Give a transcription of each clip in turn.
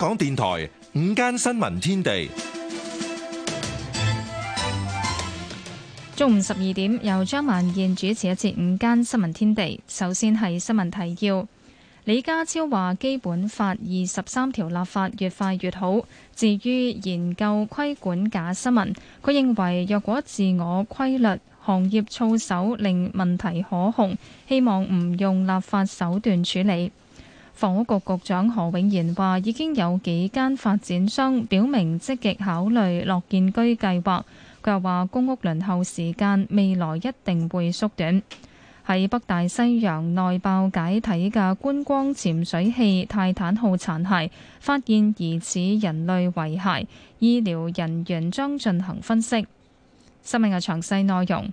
香港電台午間新聞天地，中午十二點由張萬燕主持一節午間新聞天地。首先係新聞提要，李家超話《基本法》二十三條立法越快越好。至於研究規管假新聞，佢認為若果自我規律、行業操守令問題可控，希望唔用立法手段處理。房屋局局長何永賢話：已經有幾間發展商表明積極考慮樂建居計劃。佢又話：公屋輪候時間未來一定會縮短。喺北大西洋內爆解體嘅觀光潛水器泰坦號殘骸，發現疑似人類遺骸，醫療人員將進行分析。新聞嘅詳細內容。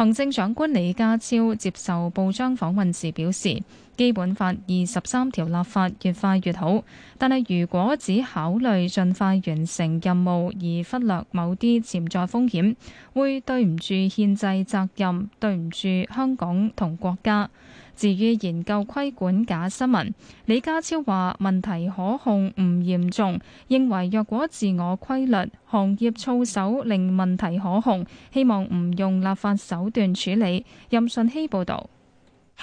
行政長官李家超接受報章訪問時表示，基本法二十三條立法越快越好，但係如果只考慮盡快完成任務而忽略某啲潛在風險，會對唔住憲制責任，對唔住香港同國家。至於研究規管假新聞，李家超話問題可控唔嚴重，認為若果自我規律、行業操守令問題可控，希望唔用立法手段處理。任信希報導。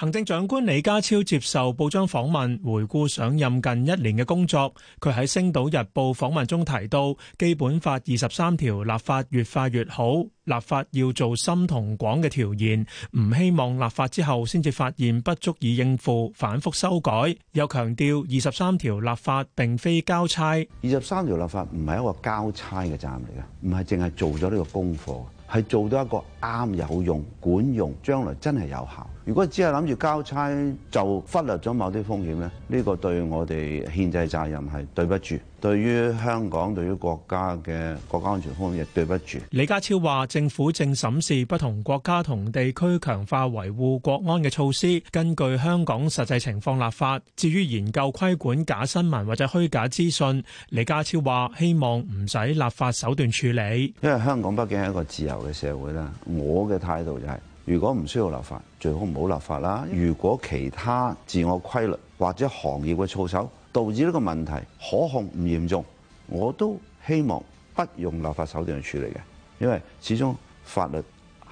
行政長官李家超接受報章訪問，回顧上任近一年嘅工作。佢喺《星島日報》訪問中提到，《基本法》二十三條立法越快越好，立法要做深同廣嘅調研，唔希望立法之後先至發現不足以應付，反覆修改。又強調二十三條立法並非交差。二十三條立法唔係一個交差嘅站嚟嘅，唔係淨係做咗呢個功課，係做到一個啱有用、管用，將來真係有效。如果只係諗住交差，就忽略咗某啲風險咧，呢個對我哋憲制責任係對不住，對於香港、對於國家嘅國家安全方面亦對不住。李家超話：政府正審視不同國家同地區強化維護國安嘅措施，根據香港實際情況立法。至於研究規管假新聞或者虛假資訊，李家超話：希望唔使立法手段處理。因為香港畢竟係一個自由嘅社會啦，我嘅態度就係。如果唔需要立法，最好唔好立法啦。如果其他自我規律或者行業嘅措手，導致呢個問題可控唔嚴重，我都希望不用立法手段去處理嘅，因為始終法律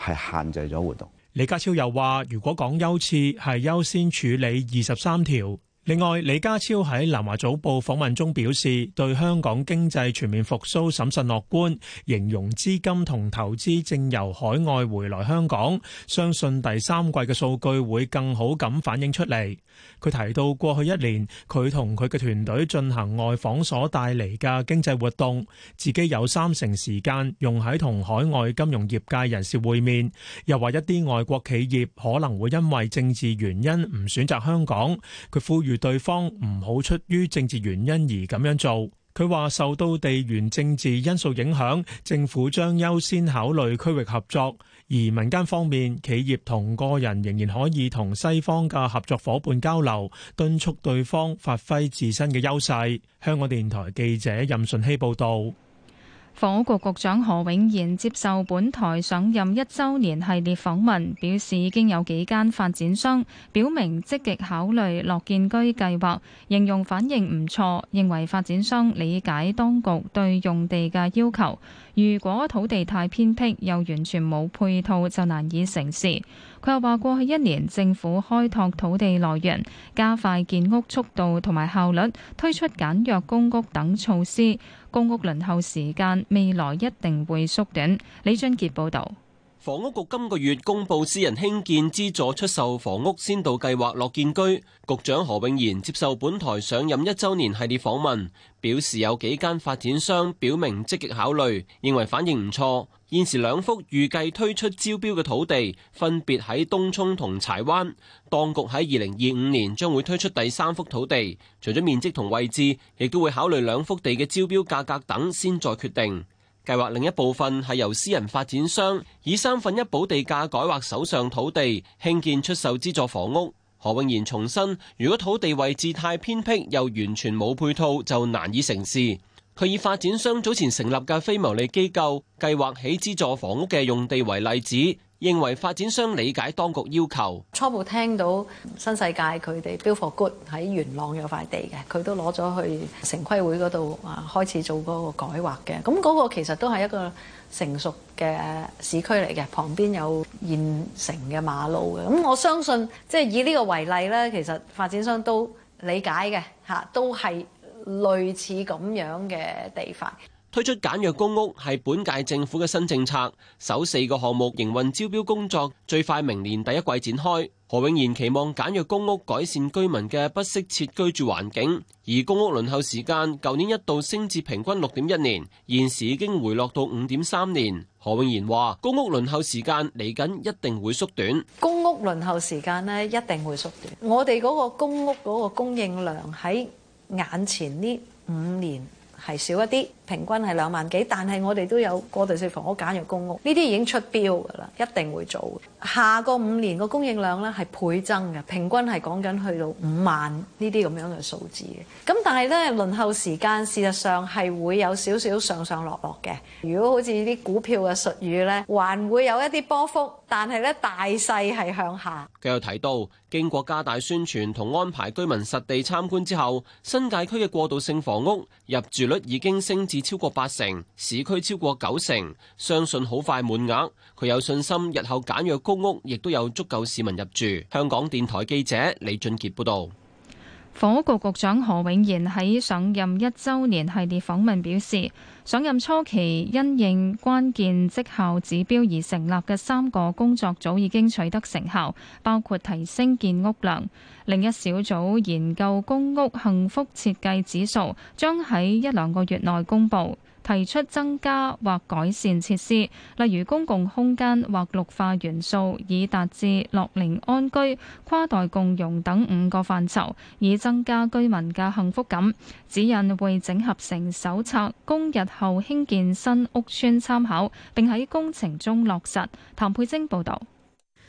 係限制咗活動。李家超又話，如果講優次，係優先處理二十三條。另外，李家超喺南華早報訪問中表示，對香港經濟全面復蘇審慎樂觀，形容資金同投資正由海外回來香港，相信第三季嘅數據會更好咁反映出嚟。佢提到過去一年，佢同佢嘅團隊進行外訪所帶嚟嘅經濟活動，自己有三成時間用喺同海外金融業界人士會面，又話一啲外國企業可能會因為政治原因唔選擇香港，佢呼籲。對方唔好出於政治原因而咁樣做。佢話受到地緣政治因素影響，政府將優先考慮區域合作。而民間方面，企業同個人仍然可以同西方嘅合作伙伴交流，敦促對方發揮自身嘅優勢。香港電台記者任順希報道。房屋局局長何永賢接受本台上任一周年系列訪問，表示已經有幾間發展商表明積極考慮樂建居計劃，形容反應唔錯，認為發展商理解當局對用地嘅要求。如果土地太偏僻又完全冇配套，就難以成事。佢又話：過去一年，政府開拓土地來源，加快建屋速度同埋效率，推出簡約公屋等措施，公屋輪候時間未來一定會縮短。李俊傑報導。房屋局今個月公布私人興建資助出售房屋先導計劃樂建居。局長何永賢接受本台上任一周年系列訪問，表示有幾間發展商表明積極考慮，認為反應唔錯。現時兩幅預計推出招標嘅土地，分別喺東涌同柴灣，當局喺二零二五年將會推出第三幅土地，除咗面積同位置，亦都會考慮兩幅地嘅招標價格等先再決定。計劃另一部分係由私人發展商以三分一保地價改劃手上土地，興建出售資助房屋。何永賢重申，如果土地位置太偏僻，又完全冇配套，就難以成事。佢以發展商早前成立嘅非牟利機構，計劃起資助房屋嘅用地為例子。認為發展商理解當局要求。初步聽到新世界佢哋 Build for Good 喺元朗有塊地嘅，佢都攞咗去城規會嗰度啊，開始做嗰個改劃嘅。咁嗰個其實都係一個成熟嘅市區嚟嘅，旁邊有現成嘅馬路嘅。咁我相信即係以呢個為例咧，其實發展商都理解嘅，吓都係類似咁樣嘅地塊。推出簡約公屋係本屆政府嘅新政策，首四個項目營運招標工作最快明年第一季展開。何永賢期望簡約公屋改善居民嘅不適切居住環境，而公屋輪候時間舊年一度升至平均六點一年，現時已經回落到五點三年。何永賢話：公屋輪候時間嚟緊一定會縮短，公屋輪候時間呢一定會縮短。我哋嗰個公屋嗰個供應量喺眼前呢五年係少一啲。平均係兩萬幾，但係我哋都有過渡性房屋簡約公屋，呢啲已經出標㗎啦，一定會做。下個五年個供應量呢係倍增嘅，平均係講緊去到五萬這這呢啲咁樣嘅數字嘅。咁但係咧輪候時間事實上係會有少少上上落落嘅。如果好似啲股票嘅術語呢，還會有一啲波幅，但係呢大勢係向下。佢又提到，經過加大宣傳同安排居民實地參觀之後，新界區嘅過渡性房屋入住率已經升至超過八成，市區超過九成，相信好快滿額。佢有信心日後簡約公屋亦都有足夠市民入住。香港電台記者李俊杰報道。房屋局局長何永賢喺上任一週年系列訪問表示，上任初期因應關鍵績效指標而成立嘅三個工作組已經取得成效，包括提升建屋量。另一小組研究公屋幸福設計指數，將喺一兩個月內公佈。提出增加或改善設施，例如公共空間或綠化元素，以達至樂齡安居、跨代共融等五個範疇，以增加居民嘅幸福感。指引會整合成手冊，供日後興建新屋村參考，並喺工程中落實。譚佩晶報道。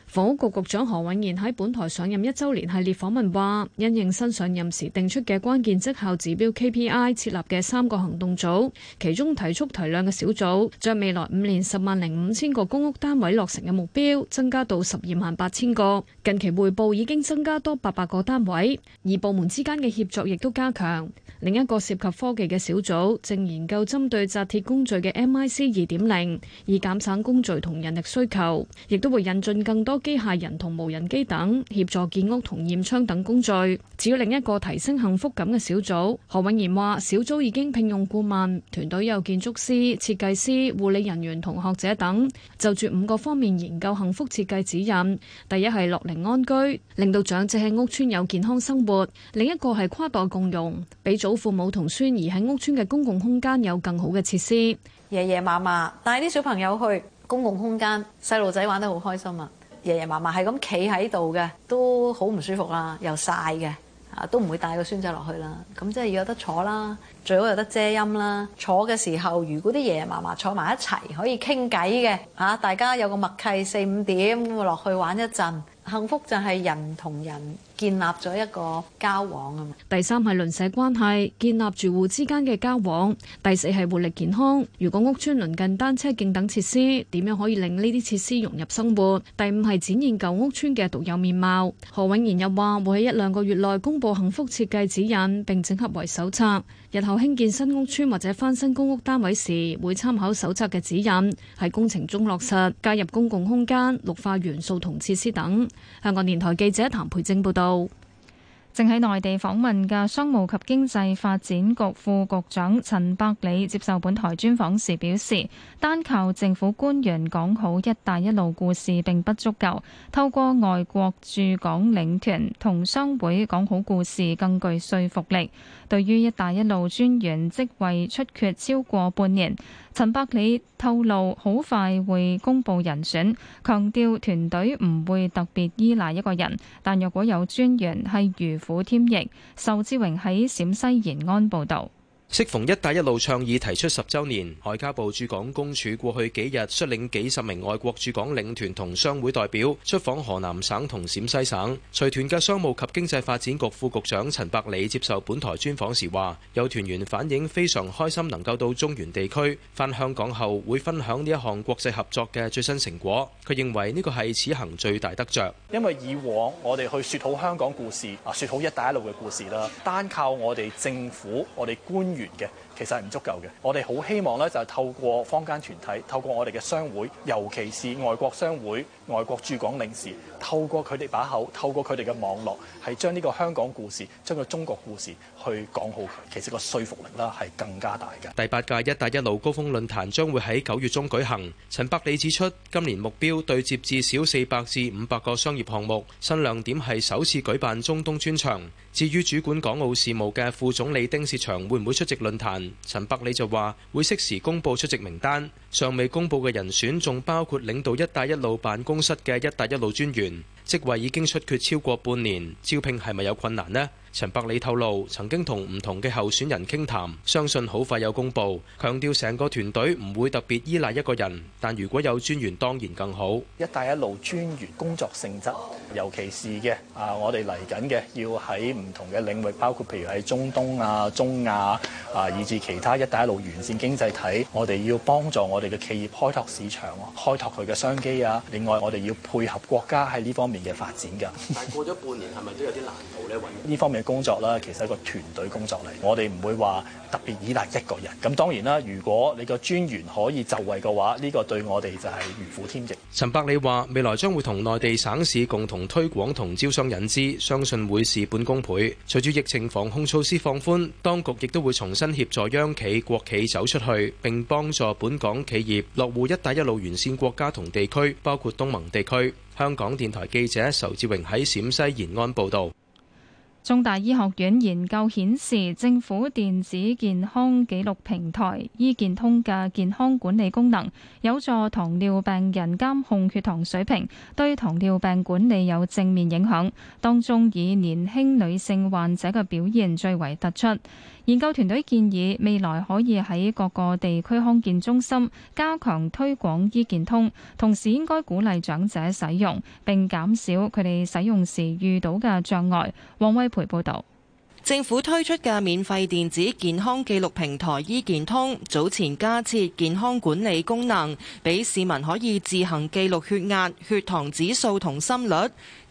房屋局局長何永賢喺本台上任一周年系列訪問話，因應新上任時定出嘅關鍵績效指標 KPI 設立嘅三個行動組，其中提速提量嘅小組，將未來五年十萬零五千個公屋單位落成嘅目標增加到十二萬八千個，近期匯報已經增加多八百個單位，而部門之間嘅協作亦都加強。另一個涉及科技嘅小組正研究針對紮鐵工序嘅 MIC 二點零，以減省工序同人力需求，亦都會引進更多。機械人同無人機等協助建屋同驗窗等工序。至於另一個提升幸福感嘅小組，何永賢話：小組已經聘用顧問團隊，有建築師、設計師、護理人員同學者等，就住五個方面研究幸福設計指引。第一係樂齡安居，令到長者喺屋村有健康生活；另一個係跨代共用，俾祖父母同孫兒喺屋村嘅公共空間有更好嘅設施。爺爺嫲嫲帶啲小朋友去公共空間，細路仔玩得好開心啊！爺爺嫲嫲係咁企喺度嘅，都好唔舒服啦，又曬嘅，啊都唔會帶個孫仔落去啦。咁即係要有得坐啦，最好有得遮陰啦。坐嘅時候，如果啲爺爺嫲嫲坐埋一齊，可以傾偈嘅，啊大家有個默契四五點落去玩一陣，幸福就係人同人。建立咗一個交往啊嘛，第三係鄰舍關係，建立住戶之間嘅交往。第四係活力健康，如果屋邨鄰近單車徑等設施，點樣可以令呢啲設施融入生活？第五係展現舊屋邨嘅獨有面貌。何永賢又話會喺一兩個月內公布幸福設計指引，並整合為手冊。日後興建新屋邨或者翻新公屋單位時，會參考手冊嘅指引，喺工程中落實加入公共空間、綠化元素同設施等。香港電台記者譚培正報道。正喺內地訪問嘅商務及經濟發展局副局長陳百里接受本台專訪時表示，單靠政府官員講好“一帶一路”故事並不足夠，透過外國駐港領團同商會講好故事更具說服力。對於“一帶一路”專員職位出缺超過半年。陳百里透露，好快會公布人選，強調團隊唔會特別依賴一個人，但若果有專員係如虎添翼。仇志榮喺陝西延安報道。適逢“一帶一路”倡議提出十周年，外交部駐港公署過去幾日率領幾十名外國駐港領團同商會代表出訪河南省同陝西省。隨團嘅商務及經濟發展局副局長陳百里接受本台專訪時話：有團員反映非常開心能夠到中原地區，返香港後會分享呢一項國際合作嘅最新成果。佢認為呢個係此行最大得着，因為以往我哋去說好香港故事啊，說好“一帶一路”嘅故事啦，單靠我哋政府、我哋官。完嘅。其實係唔足夠嘅，我哋好希望呢，就係透過坊間團體，透過我哋嘅商會，尤其是外國商會、外國駐港領事，透過佢哋把口，透過佢哋嘅網絡，係將呢個香港故事、將個中國故事去講好佢，其實個說服力啦係更加大嘅。第八屆一帶一路高峰論壇將會喺九月中舉行。陳百里指出，今年目標對接至少四百至五百個商業項目。新亮點係首次舉辦中東專場。至於主管港澳事務嘅副總理丁薛祥會唔會出席論壇？陳百里就話會適時公布出席名單，尚未公布嘅人選仲包括領導一帶一路辦公室嘅一帶一路專員，職位已經出缺超過半年，招聘係咪有困難呢？陳百里透露曾經同唔同嘅候選人傾談，相信好快有公佈。強調成個團隊唔會特別依賴一個人，但如果有專員當然更好。一帶一路專員工作性質，尤其是嘅啊，我哋嚟緊嘅要喺唔同嘅領域，包括譬如喺中東啊、中亞啊，以至其他一帶一路完善經濟體，我哋要幫助我哋嘅企業開拓市場，開拓佢嘅商機啊。另外，我哋要配合國家喺呢方面嘅發展㗎。但過咗半年係咪 都有啲難度呢？呢方面。工作啦，其實係一個團隊工作嚟，我哋唔會話特別依賴一個人。咁當然啦，如果你個專員可以就位嘅話，呢、這個對我哋就係如虎添翼。陳百里話未來將會同內地省市共同推廣同招商引資，相信會事半功倍。隨住疫情防控措施放寬，當局亦都會重新協助央企、國企走出去，並幫助本港企業落戶「一帶一路」沿線國家同地區，包括東盟地區，香港電台記者仇志榮喺陝西延安報道。中大醫學院研究顯示，政府電子健康記錄平台醫健通嘅健康管理功能有助糖尿病人監控血糖水平，對糖尿病管理有正面影響，當中以年輕女性患者嘅表現最為突出。研究團隊建議，未來可以喺各個地區康健中心加強推廣醫健通，同時應該鼓勵長者使用，並減少佢哋使用時遇到嘅障礙。王威培報導。政府推出嘅免費電子健康記錄平台醫健通，早前加設健康管理功能，畀市民可以自行記錄血壓、血糖指數同心率，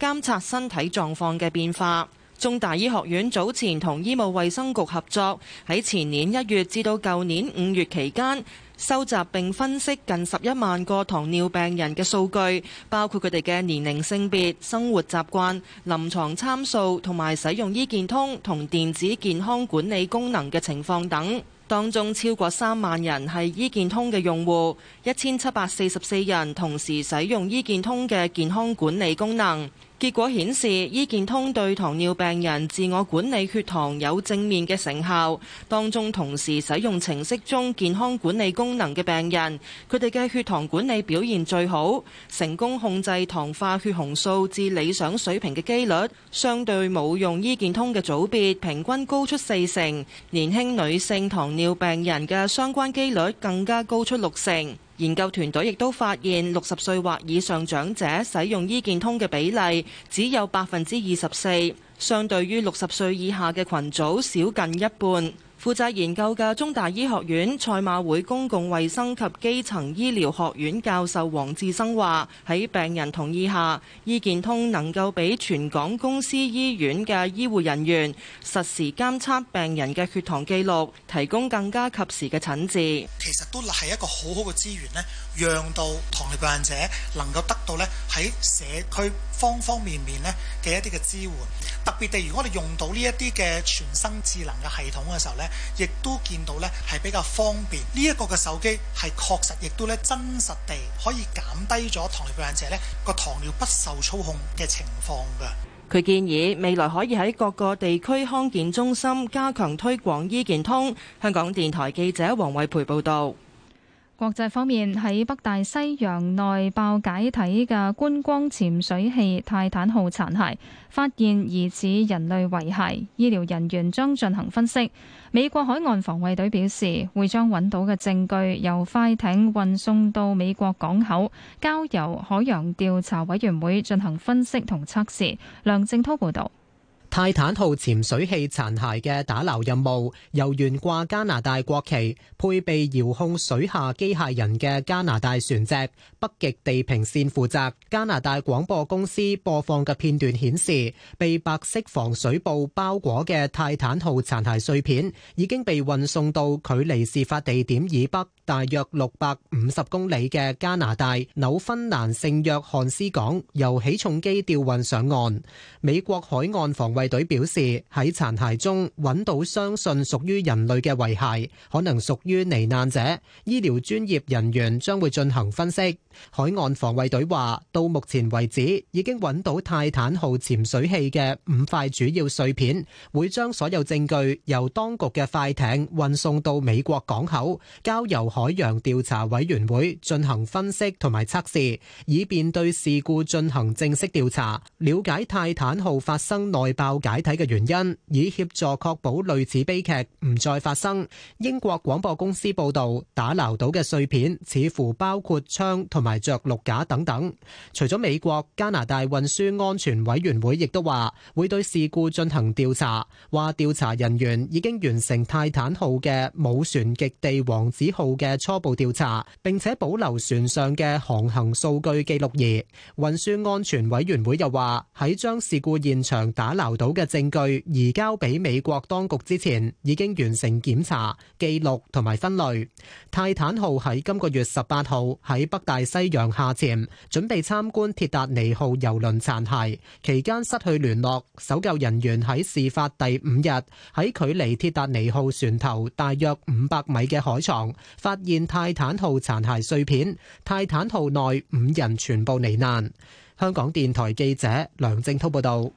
監察身體狀況嘅變化。中大醫學院早前同醫務衛生局合作，喺前年一月至到舊年五月期間，收集並分析近十一萬個糖尿病人嘅數據，包括佢哋嘅年齡、性別、生活習慣、臨床參數同埋使用醫健通同電子健康管理功能嘅情況等。當中超過三萬人係醫健通嘅用戶，一千七百四十四人同時使用醫健通嘅健康管理功能。結果顯示，醫健通對糖尿病人自我管理血糖有正面嘅成效。當中同時使用程式中健康管理功能嘅病人，佢哋嘅血糖管理表現最好，成功控制糖化血紅素至理想水平嘅幾率，相對冇用醫健通嘅組別平均高出四成。年輕女性糖尿病人嘅相關幾率更加高出六成。研究團隊亦都發現，六十歲或以上長者使用醫健通嘅比例只有百分之二十四，相對於六十歲以下嘅群組少近一半。負責研究嘅中大醫學院賽馬會公共衛生及基層醫療學院教授黃志生話：喺病人同意下，醫健通能夠俾全港公私醫院嘅醫護人員實時監測病人嘅血糖記錄，提供更加及時嘅診治。其實都係一個好好嘅資源咧。讓到糖尿病患者能夠得到咧喺社區方方面面咧嘅一啲嘅支援，特別地，如果我哋用到呢一啲嘅全新智能嘅系統嘅時候呢，亦都見到呢係比較方便。呢一個嘅手機係確實亦都咧真實地可以減低咗糖尿病患者咧個糖尿不受操控嘅情況㗎。佢建議未來可以喺各個地區康健中心加強推廣醫健通。香港電台記者黃偉培報導。國際方面，喺北大西洋內爆解體嘅觀光潛水器泰坦號殘骸，發現疑似人類遺骸，醫療人員將進行分析。美國海岸防衛隊表示，會將揾到嘅證據由快艇運送到美國港口，交由海洋調查委員會進行分析同測試。梁正滔報導。泰坦號潛水器殘骸嘅打撈任務，由懸掛加拿大國旗、配備遙控水下機械人嘅加拿大船隻《北極地平線》負責。加拿大廣播公司播放嘅片段顯示，被白色防水布包裹嘅泰坦號殘骸碎片，已經被運送到距離事發地點以北大約六百五十公里嘅加拿大紐芬蘭聖約翰斯港，由起重機吊運上岸。美國海岸防衛隊表示，喺殘骸中揾到相信屬於人類嘅遺骸，可能屬於罹難者。醫療專業人員將會進行分析。海岸防衛隊話，到目前為止已經揾到泰坦號潛水器嘅五塊主要碎片，會將所有證據由當局嘅快艇運送到美國港口，交由海洋調查委員會進行分析同埋測試，以便對事故進行正式調查，了解泰坦號發生內爆解體嘅原因，以協助確保類似悲劇唔再發生。英國廣播公司報道，打撈到嘅碎片似乎包括槍同。埋着陸架等等，除咗美國、加拿大運輸安全委員會亦都話會對事故進行調查，話調查人員已經完成泰坦號嘅母船極地王子號嘅初步調查，並且保留船上嘅航行數據記錄儀。運輸安全委員會又話喺將事故現場打撈到嘅證據移交俾美國當局之前，已經完成檢查、記錄同埋分類。泰坦號喺今個月十八號喺北大西洋下潛，準備參觀鐵達尼號郵輪殘骸期間失去聯絡。搜救人員喺事發第五日喺距離鐵達尼號船頭大約五百米嘅海床發現泰坦號殘骸碎片。泰坦號內五人全部罹難。香港電台記者梁正濤報道。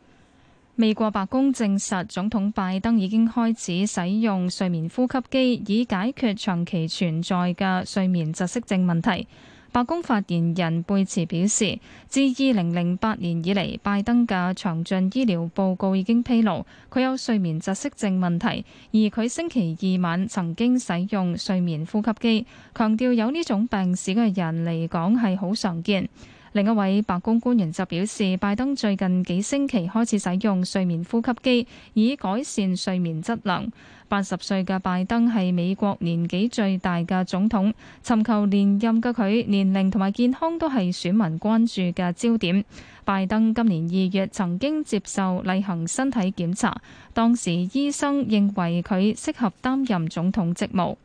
美國白宮證實，總統拜登已經開始使用睡眠呼吸機，以解決長期存在嘅睡眠窒息症問題。白宮發言人貝茨表示，自二零零八年以嚟，拜登嘅詳盡醫療報告已經披露，佢有睡眠窒息症問題，而佢星期二晚曾經使用睡眠呼吸機，強調有呢種病史嘅人嚟講係好常見。另一位白宮官員就表示，拜登最近幾星期開始使用睡眠呼吸機，以改善睡眠質量。八十歲嘅拜登係美國年紀最大嘅總統，尋求連任嘅佢年齡同埋健康都係選民關注嘅焦點。拜登今年二月曾經接受例行身體檢查，當時醫生認為佢適合擔任總統職務。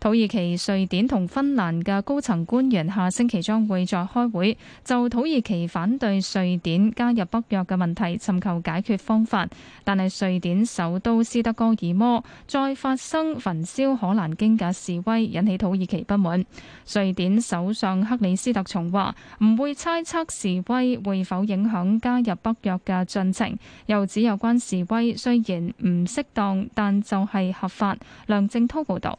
土耳其、瑞典同芬蘭嘅高層官員下星期將會再開會，就土耳其反對瑞典加入北約嘅問題尋求解決方法。但係瑞典首都斯德哥爾摩再發生焚燒可蘭經嘅示威，引起土耳其不滿，瑞典首相克里斯特松話唔會猜測示威會否影響加入北約嘅進程。又指有關示威雖然唔適當，但就係合法。梁正濤報道。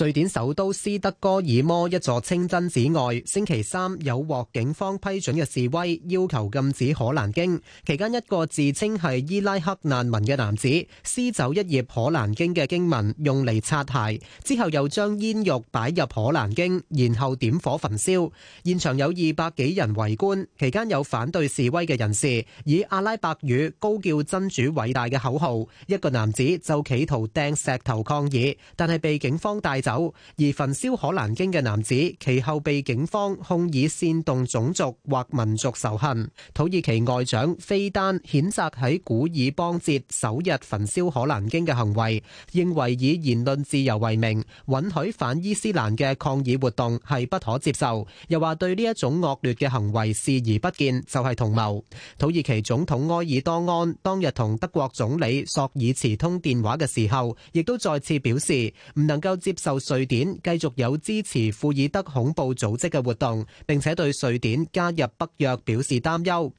瑞典首都斯德哥爾摩一座清真寺外，星期三有獲警方批准嘅示威，要求禁止可蘭經。期間，一個自稱係伊拉克難民嘅男子撕走一頁可蘭經嘅經文，用嚟擦鞋，之後又將煙肉擺入可蘭經，然後點火焚燒。現場有二百幾人圍觀，期間有反對示威嘅人士以阿拉伯語高叫真主偉大嘅口號。一個男子就企圖掟石頭抗議，但係被警方帶走而焚燒可蘭經嘅男子，其後被警方控以煽動種族或民族仇恨。土耳其外長菲丹譴責喺古爾邦節首日焚燒可蘭經嘅行為，認為以言論自由為名，允許反伊斯蘭嘅抗議活動係不可接受。又話對呢一種惡劣嘅行為視而不見就係同謀。土耳其總統埃爾多安當日同德國總理朔爾茨通電話嘅時候，亦都再次表示唔能夠接。就瑞典繼續有支持庫爾德恐怖組織嘅活動，並且對瑞典加入北約表示擔憂。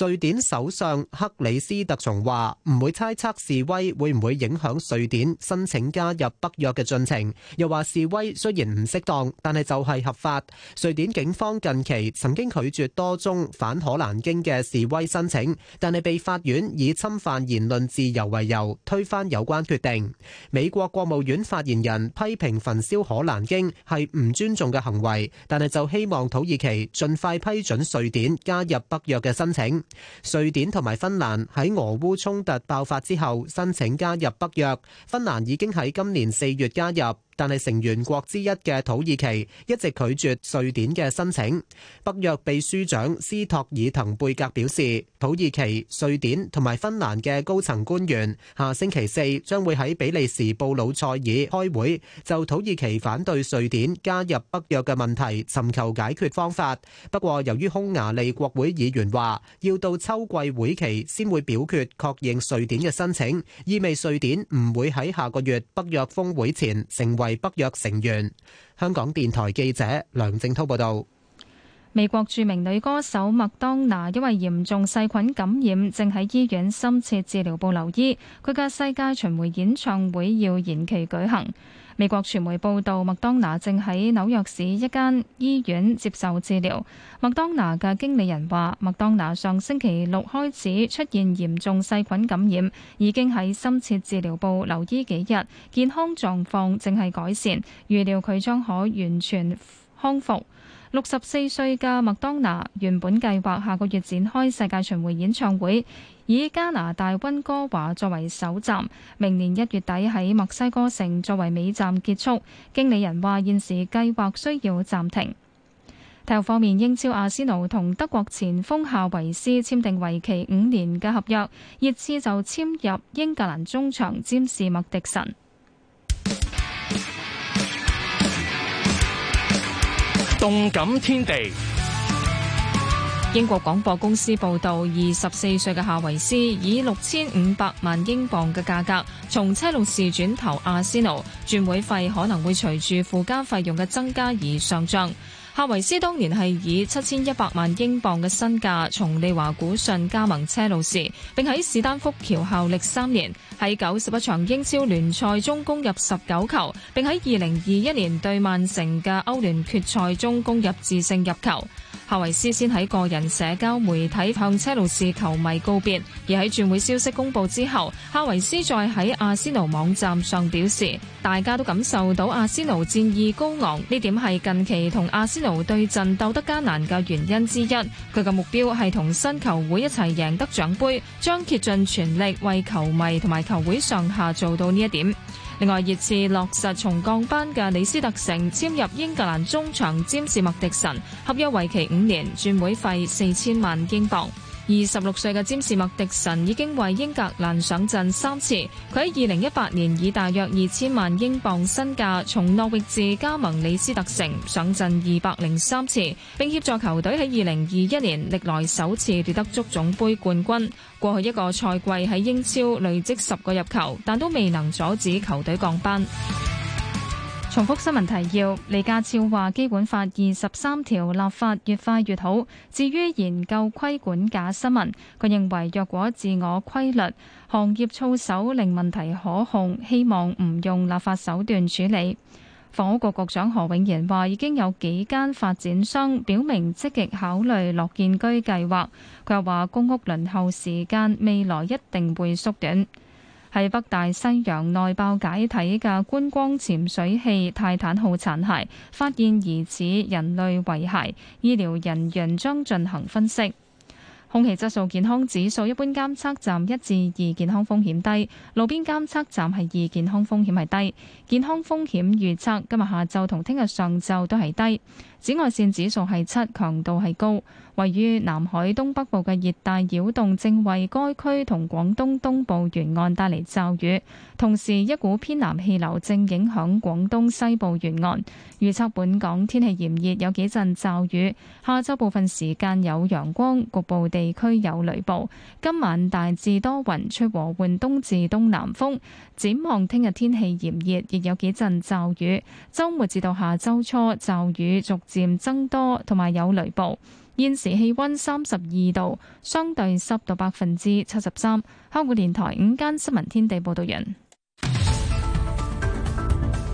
瑞典首相克里斯特松話唔會猜測示威會唔會影響瑞典申請加入北約嘅進程，又話示威雖然唔適當，但係就係合法。瑞典警方近期曾經拒絕多宗反可蘭經嘅示威申請，但係被法院以侵犯言論自由為由推翻有關決定。美國國務院發言人批評。焚焚燒可蘭經係唔尊重嘅行為，但係就希望土耳其盡快批准瑞典加入北約嘅申請。瑞典同埋芬蘭喺俄烏衝突爆發之後申請加入北約，芬蘭已經喺今年四月加入。但係成員國之一嘅土耳其一直拒絕瑞典嘅申請。北約秘書長斯托爾滕貝格表示，土耳其、瑞典同埋芬蘭嘅高層官員下星期四將會喺比利時布魯塞爾開會，就土耳其反對瑞典加入北約嘅問題尋求解決方法。不過，由於匈牙利國會議員話要到秋季會期先會表決確認瑞典嘅申請，意味瑞典唔會喺下個月北約峰會前成為係北約成員，香港電台記者梁正濤報道。美國著名女歌手麥當娜因為嚴重細菌感染，正喺醫院深切治療部留醫，佢嘅世界巡回演唱會要延期舉行。美國傳媒報導，麥當娜正喺紐約市一間醫院接受治療。麥當娜嘅經理人話：麥當娜上星期六開始出現嚴重細菌感染，已經喺深切治療部留醫幾日，健康狀況正係改善，預料佢將可完全康復。六十四歲嘅麥當娜原本計劃下個月展開世界巡迴演唱會。以加拿大溫哥華作為首站，明年一月底喺墨西哥城作為尾站結束。經理人話現時計劃需要暫停。體育方面，英超阿斯奴同德國前鋒夏維斯簽訂為期五年嘅合約。熱刺就簽入英格蘭中場占士麥迪臣。動感天地。英國廣播公司報道，二十四歲嘅夏維斯以六千五百萬英鎊嘅價格從車路士轉投阿仙奴，轉會費可能會隨住附加費用嘅增加而上漲。夏維斯當年係以七千一百萬英鎊嘅身價從利華古遜加盟車路士，並喺史丹福橋效力三年，喺九十一場英超聯賽中攻入十九球，並喺二零二一年對曼城嘅歐聯決賽中攻入致勝入球。哈維斯先喺個人社交媒體向車路士球迷告別，而喺轉會消息公布之後，哈維斯再喺阿仙奴網站上表示，大家都感受到阿仙奴戰意高昂，呢點係近期同阿仙奴對陣鬥得艱難嘅原因之一。佢嘅目標係同新球會一齊贏得獎盃，將竭盡全力為球迷同埋球會上下做到呢一點。另外，熱刺落實從降班嘅李斯特城簽入英格蘭中場詹士麥迪神，合約為期五年，轉會費四千萬英鎊。二十六歲嘅詹士麥迪臣已經為英格蘭上陣三次。佢喺二零一八年以大約二千萬英鎊身價從諾域治加盟里斯特城，上陣二百零三次，並協助球隊喺二零二一年歷來首次奪得足總杯冠軍。過去一個賽季喺英超累積十個入球，但都未能阻止球隊降班。重複新聞提要。李家超話基本法二十三條立法越快越好。至於研究規管假新聞，佢認為若果自我規律、行業操守令問題可控，希望唔用立法手段處理。房屋局局長何永賢話，已經有幾間發展商表明積極考慮樂建居計劃。佢又話，公屋輪候時間未來一定會縮短。喺北大西洋內爆解體嘅觀光潛水器泰坦號殘骸，發現疑似人類遺骸，醫療人員將進行分析。空氣質素健康指數，一般監測站一至二健康風險低，路邊監測站係二健康風險係低，健康風險預測今日下晝同聽日上晝都係低。紫外綫指數係七，強度係高。位於南海東北部嘅熱帶擾動正為該區同廣東東部沿岸帶嚟驟雨，同時一股偏南氣流正影響廣東西部沿岸。預測本港天氣炎熱，有幾陣驟雨。下周部分時間有陽光，局部地區有雷暴。今晚大致多雲，吹和緩東至東南風。展望聽日天氣炎熱，亦有幾陣驟雨。週末至到下周初，驟雨逐漸增多，同埋有雷暴。現時氣溫三十二度，相對濕度百分之七十三。香港電台午間新聞天地報道人，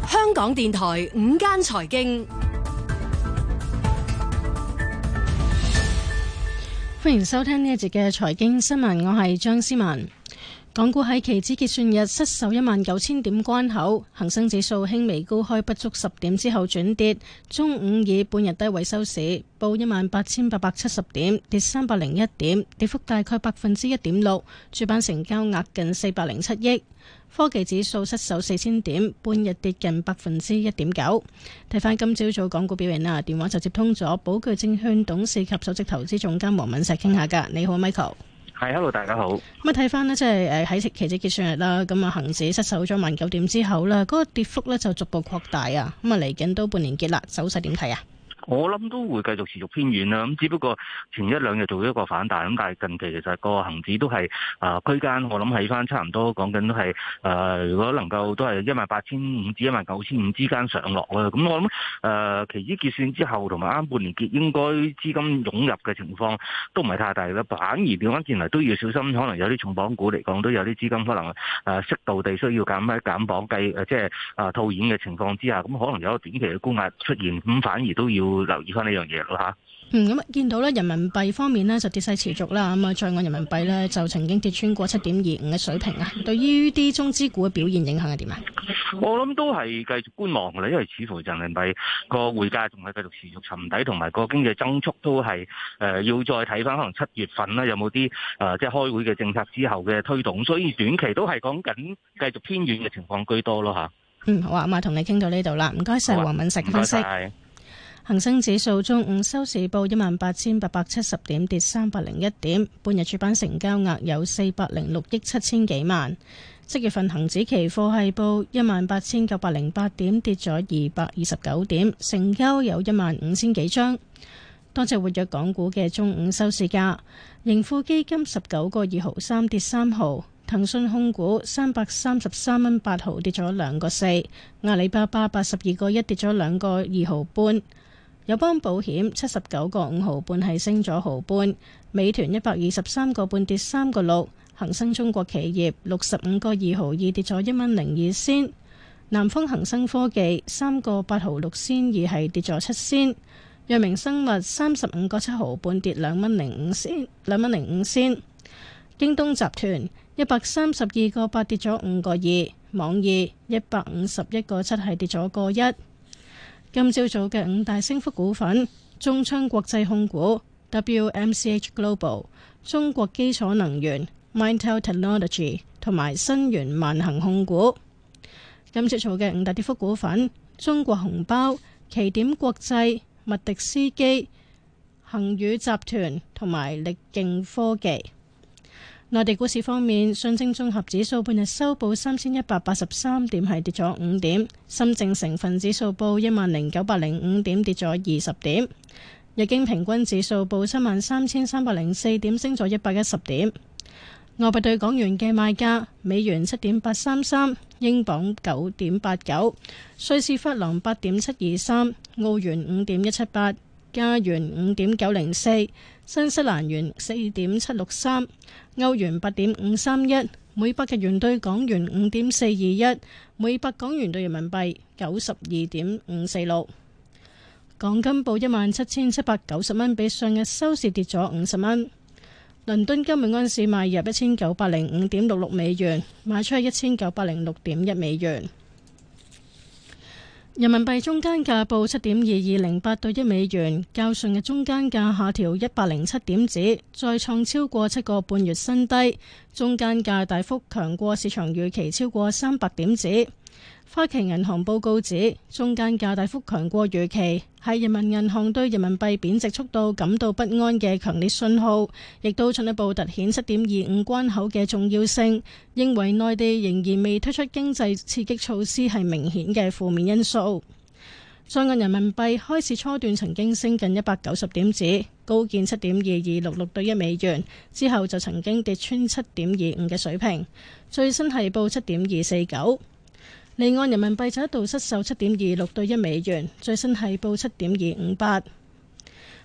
香港電台午間財經，歡迎收聽呢一節嘅財經新聞，我係張思文。港股喺期指結算日失守一萬九千點關口，恒生指數輕微高開不足十點之後轉跌，中午以半日低位收市，報一萬八千八百七十點，跌三百零一點，跌幅大概百分之一點六。主板成交額近四百零七億。科技指數失守四千點，半日跌近百分之一點九。睇翻，今朝早港股表現啦，電話就接通咗寶巨證券董事及首席投資總監王敏石傾下噶。你好，Michael。係，hello，大家好。咁啊，睇翻呢即係誒喺期指結算日啦，咁啊恒指失守咗萬九點之後啦，嗰個跌幅咧就逐步擴大啊，咁啊嚟緊都半年結啦，走勢點睇啊？我諗都會繼續持續偏軟啦，咁只不過前一兩日做咗一個反彈，咁但係近期其實個恒指都係啊、呃、區間，我諗起翻差唔多，講緊都係誒如果能夠都係一萬八千五至一萬九千五之間上落啦。咁、嗯、我諗誒期指結算之後同埋啱半年結應該資金湧入嘅情況都唔係太大啦，反而點講，原嚟都要小心，可能有啲重磅股嚟講都有啲資金可能誒適度地需要減一減磅計誒，即係啊套現嘅情況之下，咁、嗯、可能有個短期嘅沽壓出現，咁反而都要。會留意翻呢樣嘢咯，吓、嗯。嗯，咁啊，見到咧人民幣方面咧就跌勢持續啦，咁、嗯、啊再按人民幣咧就曾經跌穿過七點二五嘅水平啊。對於啲中資股嘅表現影響係點啊？我諗都係繼續觀望嘅啦，因為似乎人民幣個匯價仲係繼續持續沉底，同埋個經濟增速都係誒、呃、要再睇翻可能七月份咧、啊、有冇啲誒即係開會嘅政策之後嘅推動，所以短期都係講緊繼續偏軟嘅情況居多咯，吓、啊。嗯，好啊，咁、嗯嗯、啊同你傾到呢度啦，唔該晒黃敏成分析。恒生指數中午收市報一萬八千八百七十點，跌三百零一點。半日主板成交額有四百零六億七千幾萬。七月份恒指期貨係報一萬八千九百零八點，跌咗二百二十九點，成交有一萬五千幾張。多隻活躍港股嘅中午收市價。盈富基金十九個二毫三跌三毫，騰訊控股三百三十三蚊八毫跌咗兩個四，阿里巴巴八十二個一跌咗兩個二毫半。友邦保險七十九個五毫半係升咗毫半，美團一百二十三個半跌三個六，恒生中國企業六十五個二毫二跌咗一蚊零二仙，南方恒生科技三個八毫六仙二係跌咗七仙，藥明生物三十五個七毫半跌兩蚊零五仙，兩蚊零五仙，京東集團一百三十二個八跌咗五個二，網易一百五十一個七係跌咗個一。今朝早嘅五大升幅股份：中昌國際控股、WMCH Global、中國基礎能源、Mintel Technology 同埋新源萬行控股。今朝早嘅五大跌幅股份：中國紅包、奇點國際、麥迪斯基、恒宇集團同埋力勁科技。內地股市方面，上證綜合指數半日收報三千一百八十三點，係跌咗五點；深證成分指數報一萬零九百零五點，跌咗二十點；日經平均指數報七萬三千三百零四點，升咗一百一十點。外幣對港元嘅賣價：美元七點八三三，英鎊九點八九，瑞士法郎八點七二三，澳元五點一七八，加元五點九零四。新西蘭元四點七六三，歐元八點五三一，每百日元兌港元五點四二一，每百港元兌人民幣九十二點五四六。港金報一萬七千七百九十蚊，比上日收市跌咗五十蚊。倫敦金每盎司買入一千九百零五點六六美元，賣出一千九百零六點一美元。人民幣中間價報七點二二零八兌一美元，較上日中間價下調一百零七點子，再創超過七個半月新低。中間價大幅強過市場預期，超過三百點子。花旗銀行報告指，中間價大幅強過預期，係人民銀行對人民幣貶值速度感到不安嘅強烈信號，亦都進一步凸顯七點二五關口嘅重要性。認為內地仍然未推出經濟刺激措施係明顯嘅負面因素。在岸人民幣開始初段曾經升近一百九十點指，指高見七點二二六六對一美元之後，就曾經跌穿七點二五嘅水平，最新係報七點二四九。離岸人民幣就一度失守七點二六對一美元，最新係報七點二五八。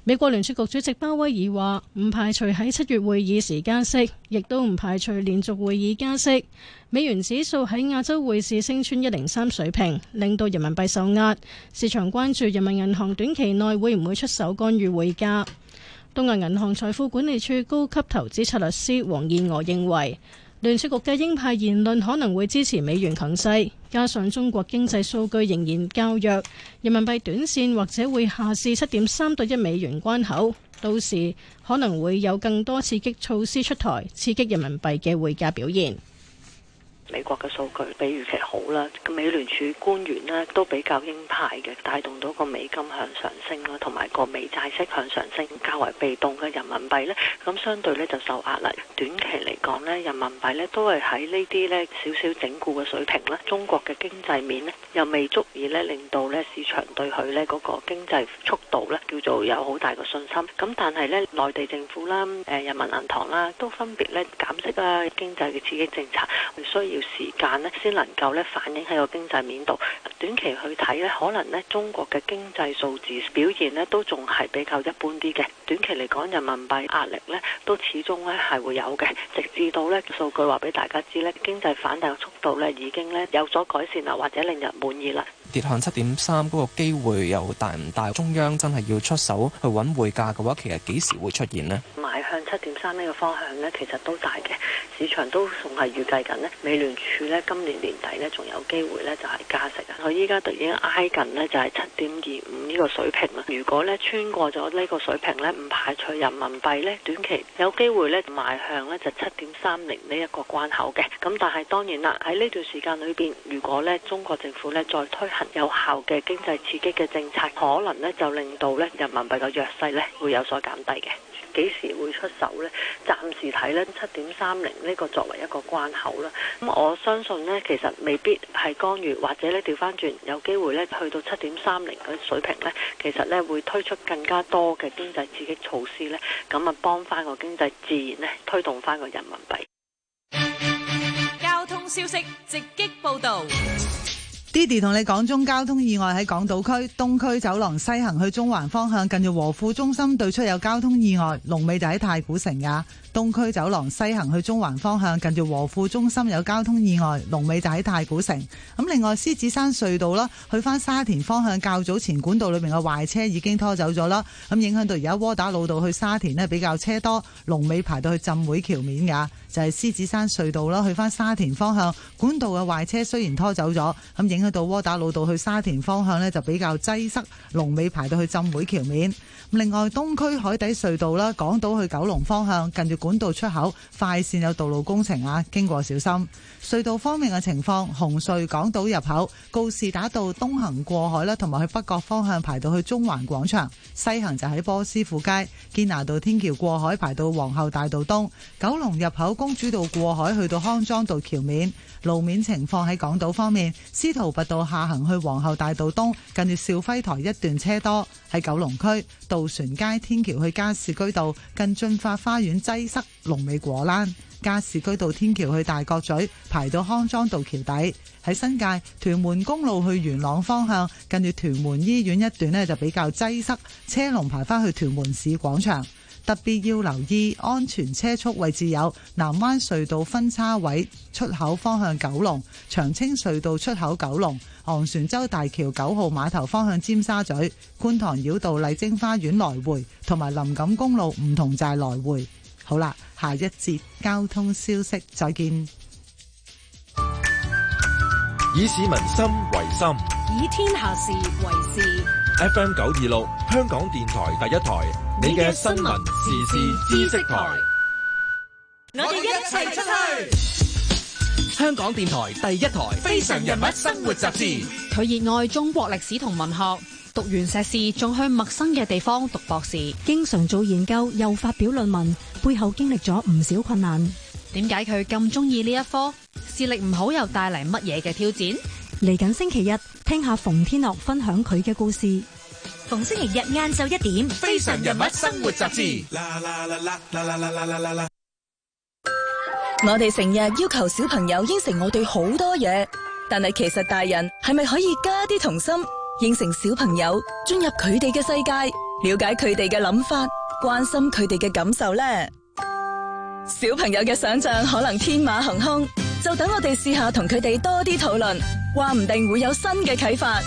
美國聯儲局主席鮑威爾話：唔排除喺七月會議時加息，亦都唔排除連續會議加息。美元指數喺亞洲匯市升穿一零三水平，令到人民幣受壓。市場關注人民銀行短期內會唔會出手干預匯價。東亞銀行財富管理處高級投資策略師黃燕娥認為。聯儲局嘅鷹派言論可能會支持美元強勢，加上中國經濟數據仍然較弱，人民幣短線或者會下試七點三兌一美元關口。到時可能會有更多刺激措施出台，刺激人民幣嘅匯價表現。美國嘅數據比預期好啦，咁美聯儲官員呢都比較鷹派嘅，帶動到個美金向上升咯，同埋個美債息向上升，較為被動嘅人民幣呢，咁相對呢就受壓啦。短期嚟講呢，人民幣呢都係喺呢啲呢少少整固嘅水平啦。中國嘅經濟面呢又未足以呢令到呢市場對佢呢嗰個經濟速度呢叫做有好大嘅信心。咁但係呢內地政府啦、誒、呃、人民銀行啦，都分別呢減息啊、經濟嘅刺激政策，需要時間咧，先能夠咧反映喺個經濟面度。短期去睇咧，可能咧中國嘅經濟數字表現咧，都仲係比較一般啲嘅。短期嚟講，人民幣壓力咧，都始終咧係會有嘅。直至到咧數據話俾大家知咧，經濟反彈嘅速度咧，已經咧有所改善啦，或者令人滿意啦。跌向七點三嗰個機會又大唔大？中央真係要出手去揾匯價嘅話，其實幾時會出現呢？邁向七點三呢個方向呢，其實都大嘅。市場都仲係預計緊呢美聯儲咧今年年底呢仲有機會呢就係加息啊。佢依家都已經挨近咧就係七點二五呢個水平啦。如果呢穿過咗呢個水平呢，唔排除人民幣呢短期有機會咧邁向呢就七點三零呢一個關口嘅。咁但係當然啦，喺呢段時間裏邊，如果呢中國政府呢再推行有效嘅經濟刺激嘅政策，可能呢就令到呢人民幣嘅弱勢呢會有所減低嘅。幾時會出手呢？暫時睇呢七點三零。呢個作為一個關口啦，咁我相信呢，其實未必係干預，或者呢調翻轉有機會呢去到七點三零嘅水平呢，其實呢會推出更加多嘅經濟刺激措施呢，咁啊幫翻個經濟自然呢推動翻個人民幣。交通消息直擊報導。Didi 同你講，中交通意外喺港島區東區走廊西行去中環方向，近住和富中心對出有交通意外，龍尾就喺太古城㗎。東區走廊西行去中環方向，近住和富中心有交通意外，龍尾就喺太古城。咁另外獅子山隧道啦，去返沙田方向較早前管道裏面嘅壞車已經拖走咗啦，咁影響到而家窩打老道去沙田呢，比較車多，龍尾排到去浸會橋面㗎。就係獅子山隧道啦，去返沙田方向管道嘅壞車雖然拖走咗，咁影響到窩打老道去沙田方向呢，就比較擠塞，龍尾排到去浸會橋面。另外東區海底隧道啦，港島去九龍方向近住管道出口快線有道路工程啊，經過小心。隧道方面嘅情況，紅隧港島入口告士打道東行過海啦，同埋去北角方向排到去中環廣場，西行就喺波斯富街堅拿道天橋過海排到皇后大道東，九龍入口。公主道過海去到康莊道橋面，路面情況喺港島方面，司徒拔道下行去皇后大道東，近住肇輝台一段車多；喺九龍區，渡船街天橋去加士居道，近駿發花園擠塞龍尾果欄；加士居道天橋去大角咀排到康莊道橋底；喺新界屯門公路去元朗方向，近住屯門醫院一段呢，就比較擠塞，車龍排返去屯門市廣場。特別要留意安全車速位置有南灣隧道分叉位出口方向九龍、長青隧道出口九龍、昂船洲大橋九號碼頭方向尖沙咀、觀塘繞道麗晶花園來回，同埋林錦公路梧桐寨來回。好啦，下一節交通消息，再見。以市民心為心，以天下事為事。FM 九二六，香港電台第一台。你嘅新聞時事知識台，我哋一齊出去。香港電台第一台《非常人物》生活雜誌，佢熱愛中國歷史同文學，讀完碩士仲去陌生嘅地方讀博士，經常做研究又發表論文，背後經歷咗唔少困難。點解佢咁中意呢一科？視力唔好又帶嚟乜嘢嘅挑戰？嚟緊星期日聽下馮天樂分享佢嘅故事。逢星期日晏晝一點，《非常人物生活雜誌》。我哋成日要求小朋友應承我哋好多嘢，但係其實大人係咪可以加啲童心，應承小朋友，進入佢哋嘅世界，了解佢哋嘅諗法，關心佢哋嘅感受呢？小朋友嘅想象可能天馬行空，就等我哋試下同佢哋多啲討論，話唔定會有新嘅啟發。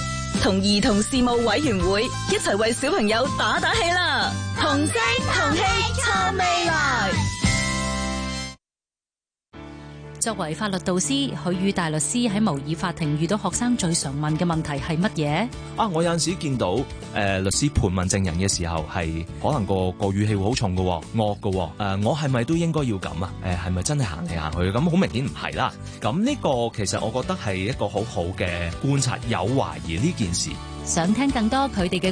同兒童事務委員會一齊為小朋友打打氣啦！同聲同氣撐氣未來。作為法律導師，佢與大律師喺模擬法庭遇到學生最常問嘅問題係乜嘢？啊，我有陣時見到誒、呃、律師盤問證人嘅時候，係可能個個語氣會好重㗎，惡㗎。誒、呃，我係咪都應該要咁啊？誒、呃，係咪真係行嚟行去？咁好明顯唔係啦。咁呢個其實我覺得係一個好好嘅觀察，有懷疑呢件事。想聽更多佢哋嘅。